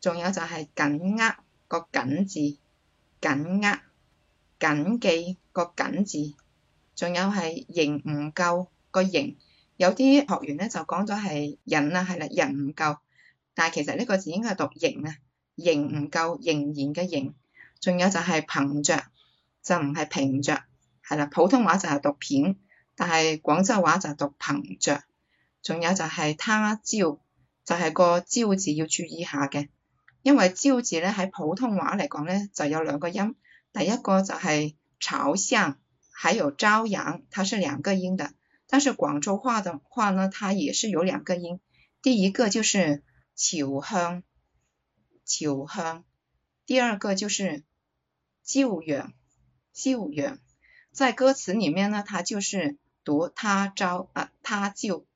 仲有就係緊握個緊字，緊握緊記個緊字，仲有係仍唔夠個仍。有啲學員咧就講咗係人啊，係啦，人唔夠，但係其實呢個字應該係讀仍啊，仍唔夠仍然嘅仍。仲有就係憑著就唔係憑著，係啦，普通話就係讀片，但係廣州話就係讀憑著，仲有就係他朝就係個朝字要注意下嘅。因為朝字咧喺普通話嚟講咧就有兩個音，第一個就係朝向，還有朝陽，它是兩個音的。但是廣州話的話呢，它也是有兩個音，第一個就是朝向，朝向，第二個就是朝遠，朝遠。在歌詞裏面呢，它就是讀他朝，啊，他就，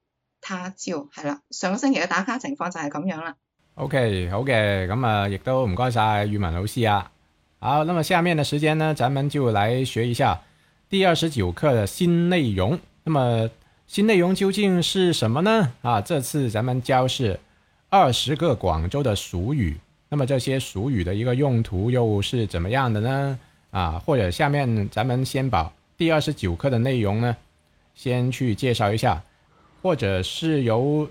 他就係啦。上個星期嘅打卡情況就係咁樣啦。OK 好嘅，咁啊亦都唔該晒雨文老師啊。好，那麼下面的時間呢，咱們就來學一下第二十九課的新內容。那麼新內容究竟是什麼呢？啊，這次咱們教是二十個廣州的俗語。那麼這些俗語的一個用途又是怎麼樣的呢？啊，或者下面咱們先把第二十九課的內容呢，先去介紹一下，或者是由，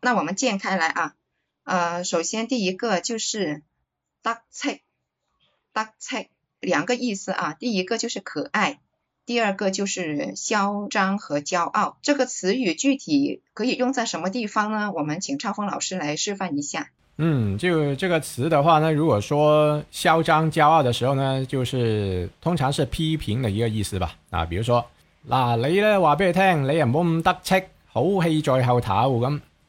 那我們見開來啊，呃，首先第一個就是“得戚”，“得戚”兩個意思啊。第一個就是可愛，第二個就是囂張和驕傲。這個詞語具體可以用在什麼地方呢？我們請超鋒老師來示範一下。嗯，就這個詞的話呢，如果說囂張驕傲的時候呢，就是通常是批評的一個意思吧。啊，比如說，嗱，你咧話俾佢聽，你又唔好咁得戚，好戲在後頭咁。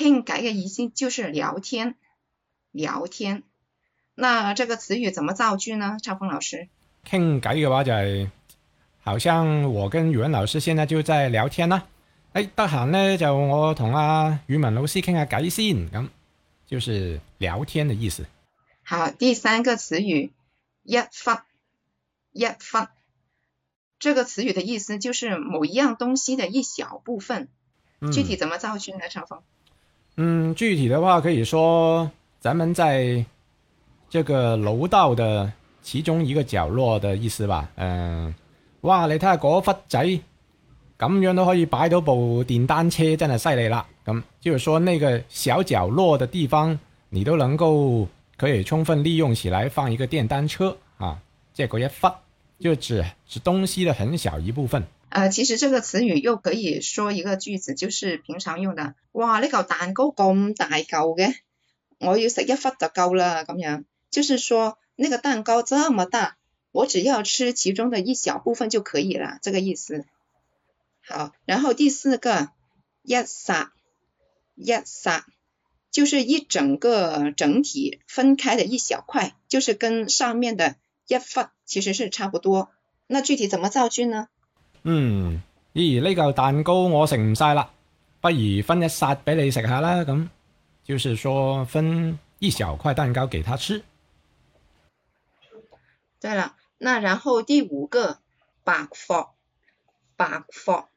傾偈嘅意思就是聊天，聊天。那這個詞語怎麼造句呢？超鋒老師，傾偈嘅話就係，好像我跟雨文老師現在就在聊天啦、啊。哎，得閒呢，就我同啊雨文老師傾下偈先咁、嗯，就是聊天的意思。好，第三個詞語一忽一忽，這個詞語的意思就是某一樣東西的一小部分。具體怎麼造句呢？超鋒、嗯。嗯，具體的話可以說，咱們在這個樓道的其中一個角落的意思吧。嗯、呃，哇，你睇下嗰忽仔，咁樣都可以擺到一部電單車真了，真係犀利啦！咁，就是，說，呢個小角落的地方，你都能夠可以充分利用起來，放一個電單車啊。即係、這、嗰、個、一忽，就指指東西的很小一部分。呃，其實這個詞語又可以說一個句子，就是平常用的。哇，呢個蛋糕咁大舊嘅，我要食一忽就夠啦。咁樣，就是說那個蛋糕這麼大，我只要吃其中的一小部分就可以了，這個意思。好，然後第四個，一殺，一殺，就是一整個整體分開的一小塊，就是跟上面的一忽其實是差不多。那具體怎麼造句呢？嗯，咦？呢嚿蛋糕我食唔晒啦，不如分一剎俾你食下啦咁。就是說分一小塊蛋糕給他吃。對了，那然後第五個白霍，白霍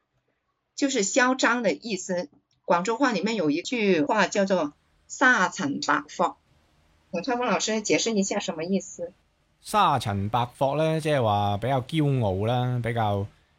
就是囂張的意思。廣州話裏面有一句話叫做沙塵白霍，超鋒老師解釋一下什麼意思？沙塵白霍咧，即係話比較驕傲啦，比較。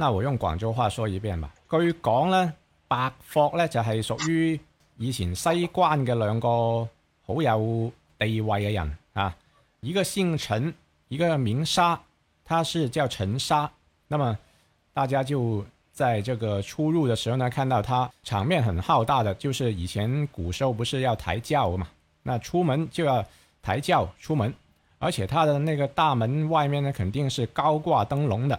那我用廣州話說一遍吧，據講咧，白霍咧就係屬於以前西關嘅兩個好有地位嘅人啊，一個姓陳，一個名沙，他是叫陳沙。那麼大家就在這個出入嘅時候呢，看到他場面很浩大的，就是以前古時候不是要抬轎嘛，那出門就要抬轎出門，而且他的那個大門外面呢，肯定是高掛燈籠的。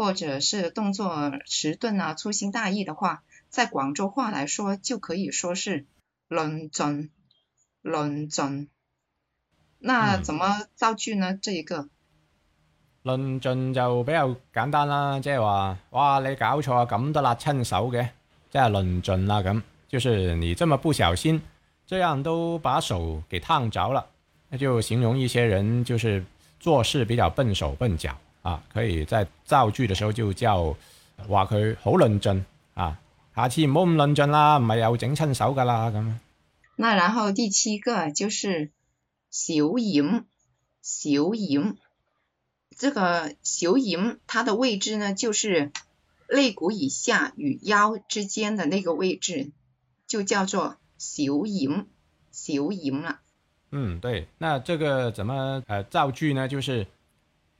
或者是動作遲鈍啊、粗心大意的話，在廣州話來說就可以說是“論盡論盡”。那怎麼造句呢？嗯、這一個“論盡”就比較簡單啦，即係話，哇，你搞錯啊，咁都辣親手嘅，即係論盡啦，咁就是你這麼不小心，這樣都把手給燙着了，就形容一些人就是做事比較笨手笨腳。啊，可以在造句的時候就叫後話佢好論盡啊，下次唔好咁論盡啦，唔係又整親手噶啦咁樣，那然後第七個就是小隱，小隱，這個小隱它的位置呢，就是肋骨以下與腰之間的那個位置，就叫做小隱，小隱啦。嗯，對，那這個怎麼誒、呃、造句呢？就是。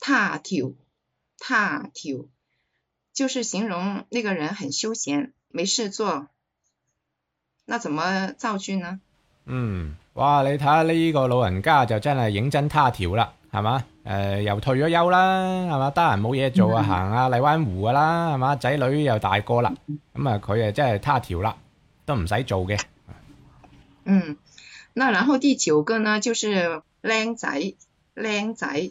踏條，踏條，就是形容呢個人很休閒，沒事做。那怎麼造句呢？嗯，哇，你睇下呢個老人家就真係認真踏條啦，係嘛？誒、呃，又退咗休啦，係嘛？得閒冇嘢做啊，嗯、行下荔灣湖噶、啊、啦，係嘛？仔女又大個啦，咁啊，佢啊真係踏條啦，都唔使做嘅。嗯，那然後第九個呢，就是靚仔，靚仔。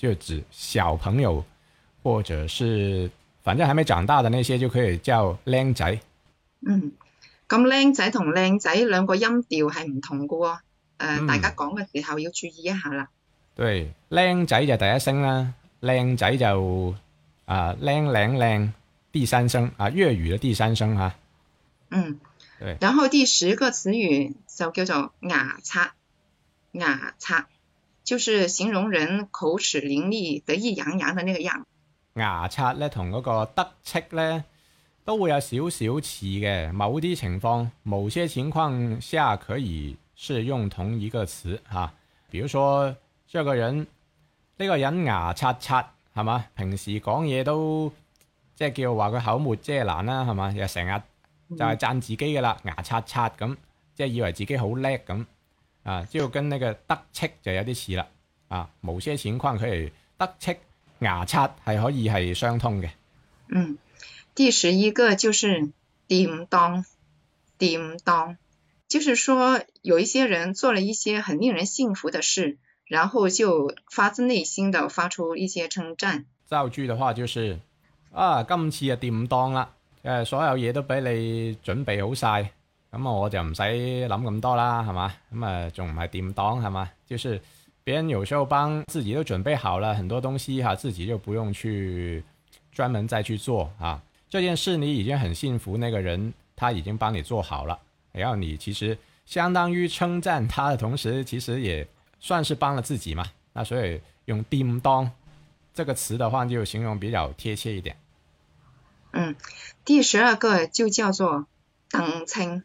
就指小朋友，或者是反正還沒長大的那些就可以叫靚仔。嗯，咁靚仔同靚仔兩個音調係唔同噶喎。誒，呃，嗯，大家講嘅時候要注意一下啦。對，靚仔就第一聲啦，靚仔就啊靚靚靚，第三聲啊粵語嘅第三聲吓。嗯，對。然後第十個詞語就叫做牙刷，牙刷。就是形容人口齒伶俐、得意洋洋的那個樣。牙刷咧同嗰個得戚咧都會有少少似嘅，某啲情況、某些情況下可以適用同一個詞哈、啊。比如說，這個人呢、這個人牙刷刷係嘛，平時講嘢都即係叫話佢口沫遮攔啦係嘛，又成日就係讚自己噶啦，嗯、牙刷刷咁，即係以為自己好叻咁。啊，只要跟呢個得戚就有啲似啦，啊，某些情況佢係得戚牙刷係可以係相通嘅。嗯，第十一個就是掂當掂當，就是說有一些人做了一些很令人幸福嘅事，然後就發自內心的發出一些稱讚。造句的話就是，啊，今次就啊掂當啦，誒，所有嘢都俾你準備好晒。咁我就唔使諗咁多啦，係嘛？咁啊，仲唔係掂當，係嘛？就是別人有時候幫自己都準備好了很多東西哈，自己就不用去專門再去做啊。這件事你已經很幸福，那個人，他已經幫你做好了，然後你其實相當於稱讚他的同時，其實也算是幫了自己嘛。那所以用掂當這個詞的話，就形容比較貼切一點。嗯，第十二個就叫做等稱。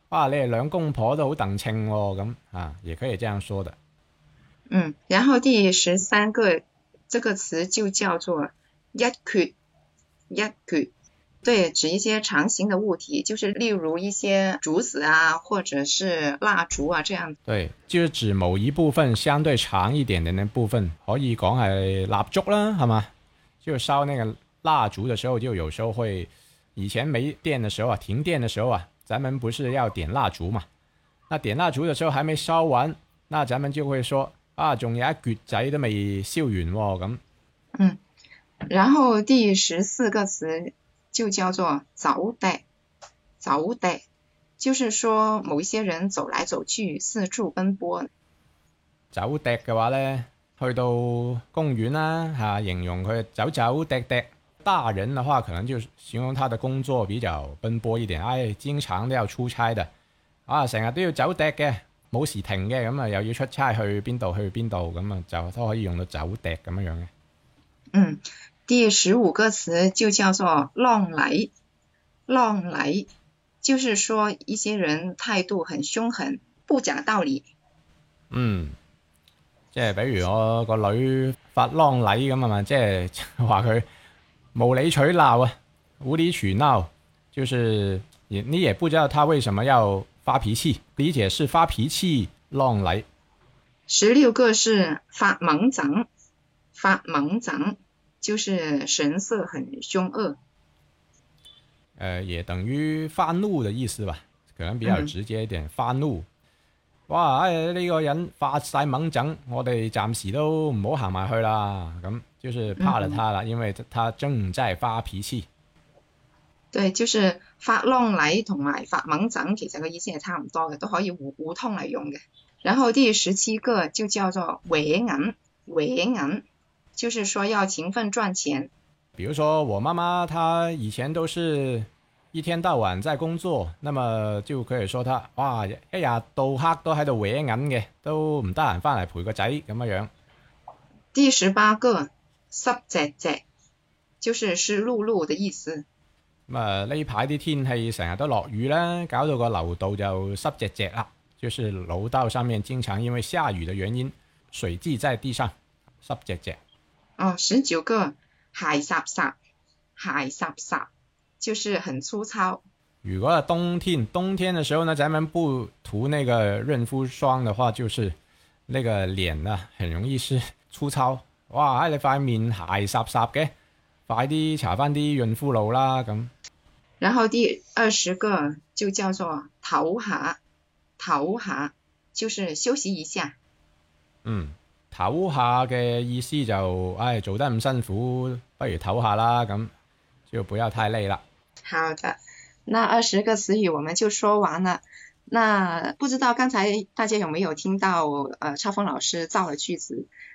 哇、啊！你哋兩公婆都好得戚喎，咁啊，也可以這樣說的。嗯，然後第十三個這個詞就叫做一曲一曲，對，指一些長形的物體，就是例如一些竹子啊，或者是蠟燭啊這樣。對，就是指某一部分相對長一點點的那部分，可以講係蠟燭啦，好嘛？就燒那個蠟燭的時候，就有時候會，以前沒電的時候啊，停電的時候啊。咱們不是要點蠟燭嘛？那點蠟燭嘅時候還沒燒完，那咱們就會說啊，仲有一橛仔都未燒完喎、哦、咁。嗯，然後第十四個詞就叫做走趯，走趯，就是說某一些人走來走去，四處奔波。走趯嘅話咧，去到公園啦吓、啊，形容佢走走趯趯。大人的話可能就形容他的工作比較奔波一點，唉、哎啊，經常都要出差的啊，成日都要走趯嘅，冇時停嘅，咁、嗯、啊又要出差去邊度去邊度，咁、嗯、啊就都可以用到走趯咁樣樣嘅。嗯，第十五個詞就叫做浪嚟，浪嚟，就是說一些人態度很凶狠，不講道理。嗯，即係比如我個女發浪嚟咁啊嘛，即係話佢。無理取鬧啊！無理取鬧，就是你也不知道他為什麼要發脾氣，理解是發脾氣，浪嚟。十六個是發猛漲，發猛漲，就是神色很兇惡。誒、呃，也等於發怒的意思吧？可能比較直接一點，mm hmm. 發怒。哇！呢、哎呢個人發晒猛漲，我哋暫時都唔好行埋去啦咁。就是怕了他啦，嗯、因為他正在發脾氣。對，就是發怒嚟同埋發猛漲其實個意思係差唔多嘅，都可以互,互通嚟用嘅。然後第十七個就叫做搵銀，搵銀，就是說要勤奮賺錢。比如說我媽媽，她以前都是一天到晚在工作，那麼就可以說她，佢哇，一日到黑都喺度搵銀嘅，都唔得閒翻嚟陪個仔咁樣樣。第十八個。濕姐姐就是濕漉漉的意思。啊，呢排啲天氣成日都落雨啦，搞到個樓道就濕姐姐啦，就是樓道上面經常因為下雨嘅原因，水積在地上。濕姐姐。哦，十九個，鞋濕濕，鞋濕濕，就是很粗糙。如果冬天冬天嘅時候呢，咱們不塗那個潤膚霜嘅話，就是那個臉呢很容易是粗糙。哇！唉、哎，你塊面鞋濕濕嘅，快啲搽返啲潤膚露啦咁。然後第二十個就叫做唞下，唞下，就是休息一下。嗯，唞下嘅意思就唉、哎，做得咁辛苦，不如唞下啦咁，就不要太累啦。好的，那二十個詞語我們就說完了。那不知道剛才大家有沒有聽到？誒、呃，超鋒老師造嘅句子。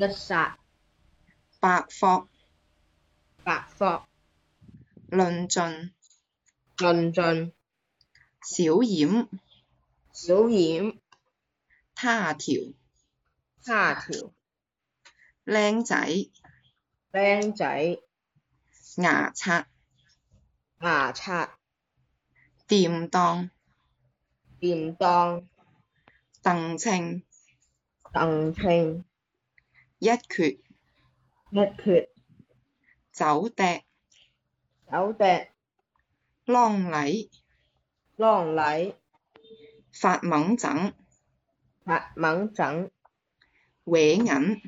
一殺，白霍，白霍論盡，論盡小染，小染他條，他條靚仔，靚仔牙刷，牙刷掂當，掂當鄧青，鄧青。一缺一缺，走趯走趯，啷禮啷禮，發猛疹發猛疹，搲銀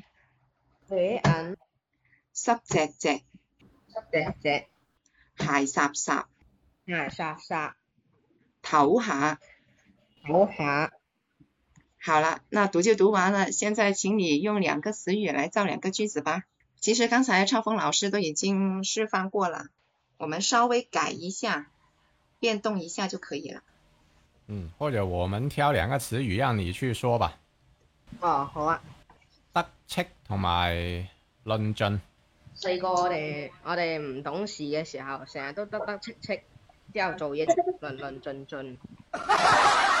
搲銀，濕只只濕只只，鞋霎霎鞋霎霎，唞下唞下。好啦，那讀就讀完了。現在請你用兩個詞語來造兩個句子吧。其實剛才超峰老師都已經示範過了，我們稍微改一下，變動一下就可以了。嗯，或者我們挑兩個詞語讓你去說吧。哦，好啊。得戚同埋論盡。細個我哋我哋唔懂事嘅時候，成日都得得戚戚，之後做嘢論論盡盡。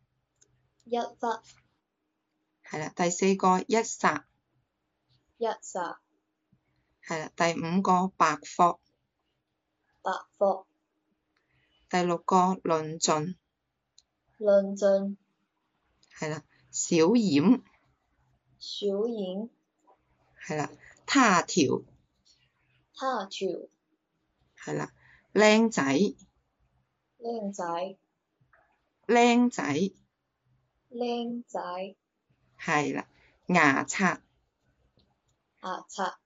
一忽，係啦。第四個一殺，一殺，係啦煞。第五個白霍，白霍，佛第六個論盡，論盡，係啦俊。小演，小演燕，係啦。他條，他條條，係啦。靚仔，靚仔，靚仔。靚仔，係啦，牙刷，牙刷，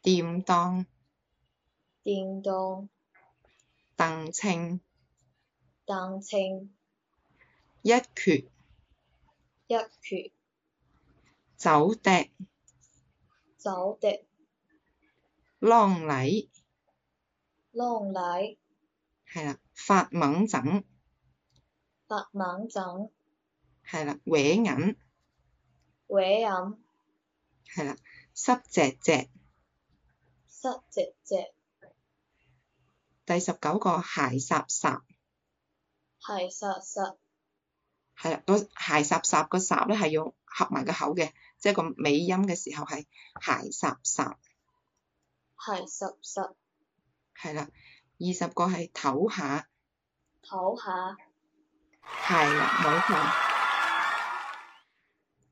電當，電當，鄧清，鄧清，一厥，一厥，酒滴，酒滴，浪禮，浪禮，係啦，發猛疹，發猛疹。係啦，搲銀，搲銀，係啦銀，濕只只，濕只只，潔潔第十九個鞋霎霎，鞋霎霎，係啦，個鞋霎霎個霎咧係要合埋個口嘅，即係個尾音嘅時候係鞋霎霎，鞋霎霎，係啦，二十個係唞下，唞下，係啦，冇錯。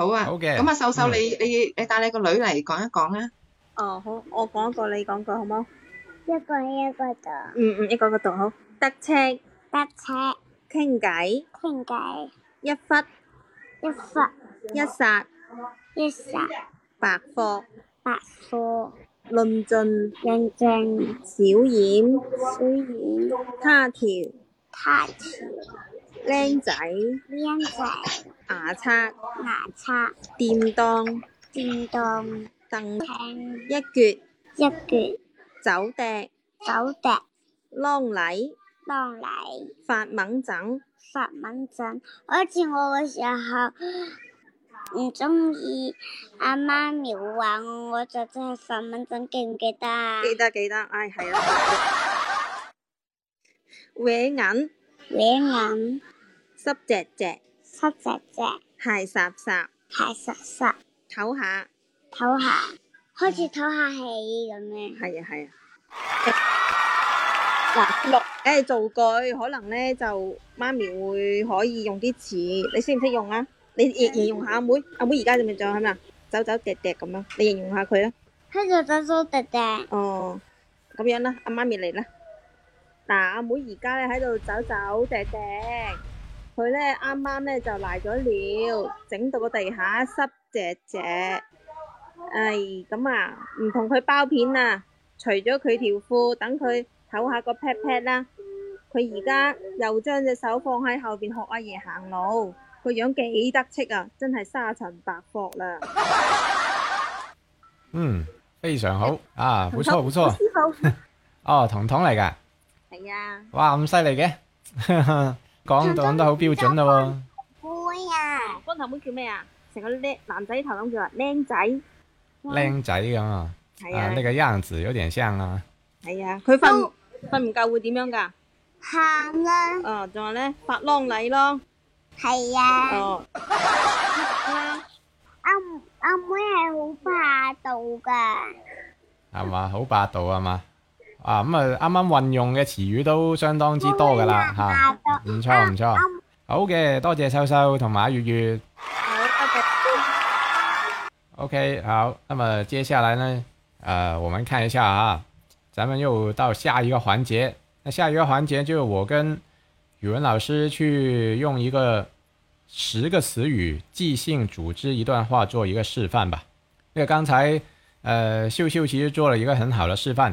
好啊，咁啊，秀秀你你你帶你個女嚟講一講啊。哦，好，我講個你講個好冇？一個一個讀。嗯嗯，一個一個讀好。得戚。得戚。傾偈。傾偈。一忽。一忽。一殺。一殺。白霍。白霍。論盡。論盡。小染。小染。他條。他條。僆仔，僆仔，牙刷，牙刷，電動，電動，凳，一撅，一撅，走滴，走滴，當禮，當禮，發猛枕，發猛枕，好似我嘅時候唔中意阿媽咪話我，我就真係發猛枕，記唔記得啊？記得記得，唉，係啊。搲銀。歪眼，濕只隻，濕只隻，係十十，係十十，唞下，唞下，開始唞下氣咁樣。係啊係啊。嗱，六，誒，造句，可能咧就媽咪會可以用啲詞，你識唔識用啊？你形形容下阿妹，阿妹而家仲未做係咪啊？走走趯趯咁樣，你形容下佢啦。七隻走走趯趯。哦，咁樣啦，阿媽咪嚟啦。嗱，阿妹而家咧喺度走走趯趯，佢咧啱啱咧就賴咗尿，整到個地下濕藉藉。哎，咁啊，唔同佢包片啊，除咗佢條褲，等佢唞下個 pat pat 啦。佢而家又將隻手放喺後邊學阿爺行路，個樣幾得戚啊！真係沙塵白霍啦。嗯，非常好啊，冇錯冇錯。哦，彤彤嚟噶。係啊！哇咁犀利嘅，講到咁都好標準咯喎！妹啊，光頭妹叫咩啊？成個叻男仔頭咁叫話靚仔，靚仔啊！係啊，呢個樣子有點像啦。係啊，佢瞓瞓唔夠會點樣噶？喊啦！啊，仲有咧，發浪嚟咯。係啊。哦。阿阿妹係好霸道噶，係嘛？好霸道啊嘛？啊，咁啊，啱啱運用嘅詞語都相當之多噶啦，吓、嗯，唔錯唔錯，好嘅、嗯，okay, 多謝秀秀同馬月月。O、okay, K，好，那麼接下來呢，誒、呃，我們看一下啊，咱們又到下一個環節。那下一個環節就我跟雨文老師去用一個十個詞語即興組織一段話做一個示範吧。因、那、為、個、剛才，誒、呃，秀秀其實做了一個很好的示範。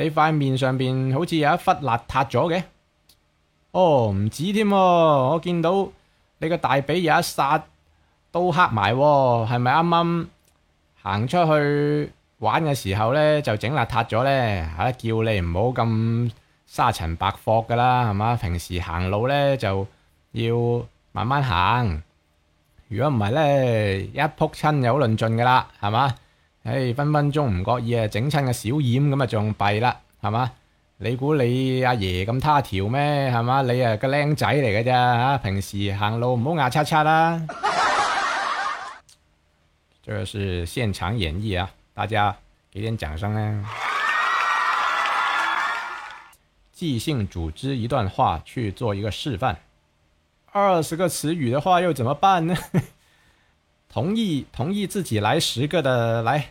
你塊面上邊好似有一忽邋遢咗嘅，哦唔止添，我見到你個大髀有一刹都黑埋，係咪啱啱行出去玩嘅時候咧就整邋遢咗咧？吓叫你唔好咁沙塵白霍噶啦，係嘛？平時行路咧就要慢慢行，如果唔係咧一撲親又好論盡噶啦，係嘛？唉，hey, 分分鐘唔覺意啊，整親個小染咁啊，仲弊啦，係嘛？你估你阿爺咁他條咩？係嘛？你啊個靚仔嚟嘅咋？平時行路唔好牙刷刷叉叉啦，啊。 這是現場演繹啊，大家給點掌聲咧。即興 組織一段話去做一個示範，二十個詞語的話又怎麼辦呢？同 意同意，同意自己來十個的來。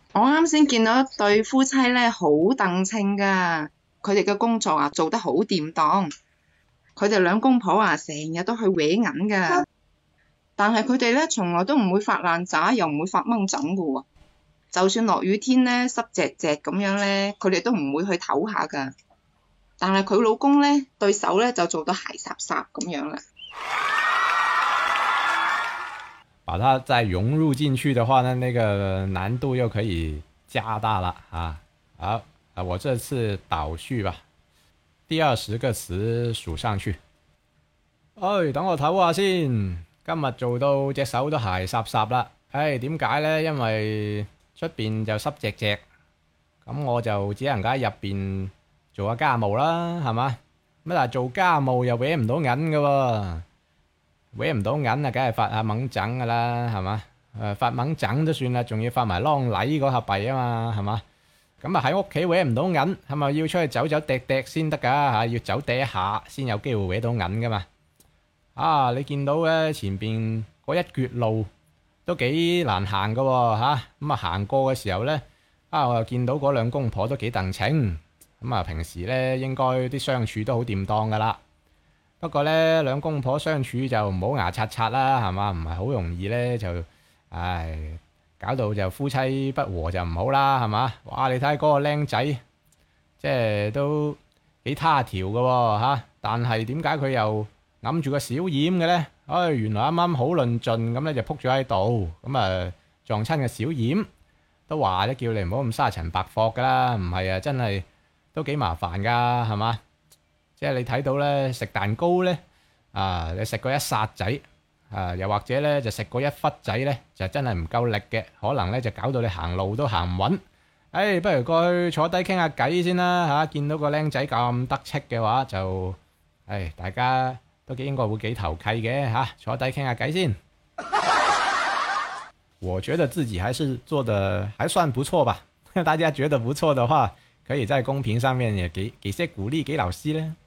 我啱先見到一對夫妻咧，好鄧青噶。佢哋嘅工作啊做得好掂當，佢哋兩公婆啊成日都去搲銀噶，但係佢哋咧，從來都唔會發爛渣，又唔會發掹疹噶，就算落雨天咧，濕只只咁樣咧，佢哋都唔會去唞下噶，但係佢老公咧對手咧就做到鞋濕濕咁樣啦。把它再融入進去嘅話呢，呢個難度又可以加大啦啊！好，我這次倒序吧，第二十個詞數上去。哎，等我唞下先，今日做到隻手都鞋濕濕啦。唉、哎，點解咧？因為出邊就濕只只，咁我就只能喺入邊做下家務啦，係嘛？乜但係做家務又畀唔到銀㗎喎、哦。搵唔到銀啊，梗係發下猛掙噶啦，係嘛？誒發猛掙都算啦，仲要發埋攞禮嗰盒幣啊嘛，係嘛？咁啊喺屋企搵唔到銀，係咪要出去走走趯趯先得噶嚇？要走趯一下先有機會搵到銀噶嘛？啊！你見到嘅前邊嗰一橛路都幾難行噶嚇，咁啊行過嘅時候咧，啊我又見到嗰兩公婆都幾鄧情，咁啊平時咧應該啲相處都好掂當噶啦。不過咧，兩公婆相處就唔好牙擦擦啦，係嘛？唔係好容易咧就，唉、哎，搞到就夫妻不和就唔好啦，係嘛？哇！你睇嗰個僆仔，即係都幾他條嘅喎、啊、但係點解佢又揞住個小掩嘅咧？唉、哎，原來啱啱好論盡咁咧就撲咗喺度，咁啊撞親個小掩都話咧叫你唔好咁沙塵白霍㗎啦，唔係啊真係都幾麻煩㗎，係嘛？即係你睇到咧，食蛋糕咧，啊，你食過一殺仔，啊，又或者咧就食過一忽仔咧，就真係唔夠力嘅，可能咧就搞到你行路都行唔穩。哎，不如過去坐低傾下偈先啦，吓、啊，見到個僆仔咁得戚嘅話，就，哎，大家都應該會幾投契嘅，吓、啊，坐低傾下偈先。 我覺得自己還是做得還算不錯吧，大家覺得不錯的話，可以在公屏上面也給給些鼓勵給老師咧。